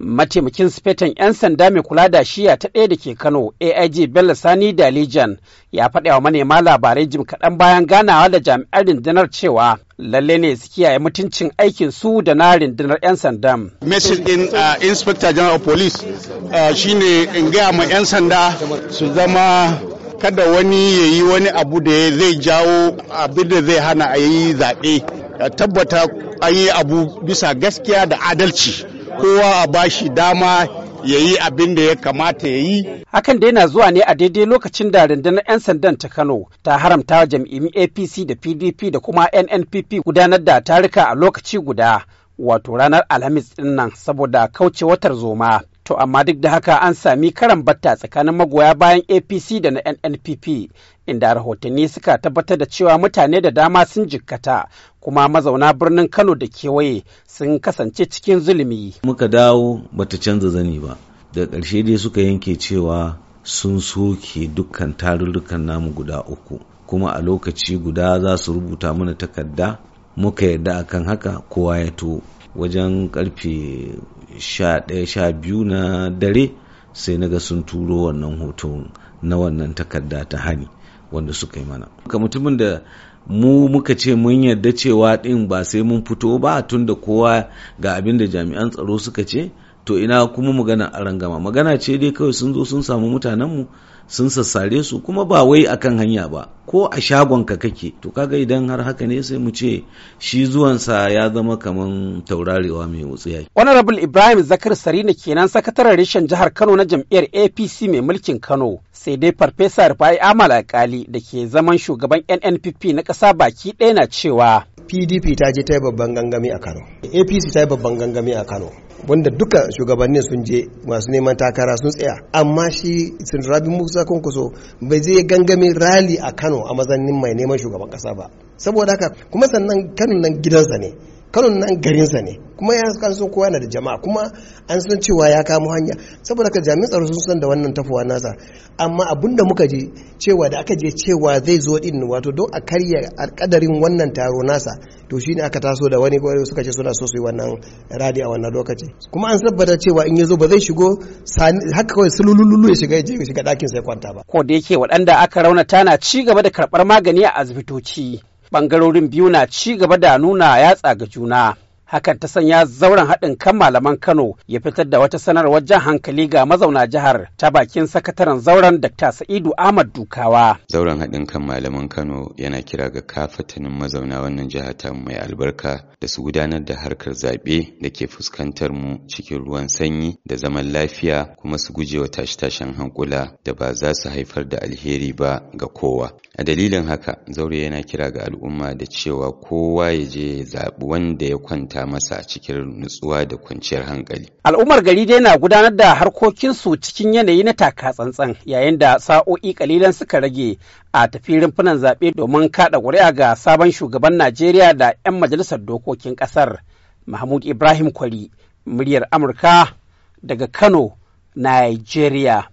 mataimakin sifetan 'yan sanda mai kula da shiya ta ɗaya da ke kano aig bello sani da legion ya faɗa wa manema labarai jim kaɗan bayan ganawa da jami'an rundunar cewa lalle ne su kiyaye mutuncin aikin su da na rundunar 'yan sandan. Message din uh, Inspector General of Police uh, shine in gaya ma 'yan sanda su zama kada wani ya yi wani abu da zai jawo abin da zai hana a yi zaɓe. Tabbata an yi abu bisa gaskiya da adalci. kowa a bashi dama ya yi abin da ya kamata ya yi. Hakan da yana zuwa ne a daidai lokacin da rundunar 'yan sandan ta Kano ta haramta jam'iyyun APC da PDP da kuma NNPP gudanar da tarika a lokaci guda wato ranar Alhamis ɗin nan saboda kauce watar zoma. To amma duk da haka an sami karan batta tsakanin magoya bayan APC da na NNPP inda rahotanni suka tabbatar da cewa mutane da dama sun jikkata kuma mazauna birnin Kano da kewaye sun kasance cikin zulumi. Muka dawo bata canza zani ba. Da ƙarshe dai suka yanke cewa sun soke dukkan tarurrukan namu guda uku kuma a lokaci guda za su rubuta mana takarda muka yarda akan haka kowa ya to wajen karfe sha ɗaya sha biyu na dare sai na ga sun turo wannan hoto na wannan takarda ta hani wanda suka yi mana ka mutumin da mu muka ce mun yarda cewa ɗin ba sai mun fito ba tunda kowa ga abin da jami'an tsaro suka ce to ina kuma magana a rangama magana ce dai kawai sun zo sun samu mutanenmu sun sassare su kuma ba wai a kan hanya ba ko a shagon ka kake to kaga idan har haka ne sai mu ce shi zuwansa ya zama kaman taurarewa mai wutsiya honorable ibrahim zakar sarina kenan sakataren reshen jihar kano na jam'iyyar apc mai mulkin kano sai dai farfesa rufai amal alkali da ke zaman shugaban nnpp na ƙasa baki ɗaya na cewa pdp ta je ta yi babban gangami a kano apc ta yi babban gangami a kano wanda duka shugabannin sun je masu neman takara sun tsaya amma shi sinrabi musa kunkuso bai zai gangamin rali a kano a mazanin mai neman shugaban kasa ba saboda haka kuma sannan kano nan gidansa ne kanun nan garinsa ne kuma ya kan sun kowa da jama'a kuma an san cewa ya kamo hanya saboda ka jami'in tsaro sun san da wannan tafowa nasa amma abin da muka je cewa da aka je cewa zai zo din wato don a karya alkadarin wannan taro nasa to shine aka taso da wani gwari suka ce suna so su yi wannan radi a wannan lokaci kuma an tabbata cewa in ya zo ba zai shigo haka kawai sululululu ya shiga ya ya shiga ɗakin sai kwanta ba ko da yake waɗanda aka raunata na ci gaba da karɓar magani a asibitoci Bangarorin biyu na ci gaba da nuna yatsa ga juna. hakan ta sanya zauren haɗin kan malaman kano ya fitar da wata sanarwar jan hankali ga mazauna jihar ta bakin sakataren zauren dr sa'idu ahmad dukawa zauren haɗin kan malaman kano yana kira ga kafatanin mazauna wannan jiha ta mai albarka da su gudanar da harkar zaɓe da ke fuskantar mu cikin ruwan sanyi da zaman lafiya kuma su guje wa tashe-tashen hankula da ba za su haifar da alheri ba ga kowa a dalilin haka zaure yana kira ga al'umma da cewa kowa ya je ya zaɓi wanda ya kwanta taimaka masa a cikin nutsuwa da kwanciyar hankali. Al'ummar gari dai na gudanar da harkokinsu cikin yanayi na taka tsantsan yayin da sa'o'i kalilan suka rage a tafi rumfunan zaɓe domin kaɗa ƙuri'a ga sabon shugaban Najeriya da 'yan majalisar dokokin ƙasar. Mahmud Ibrahim Kwari, muryar Amurka daga Kano, Nigeria.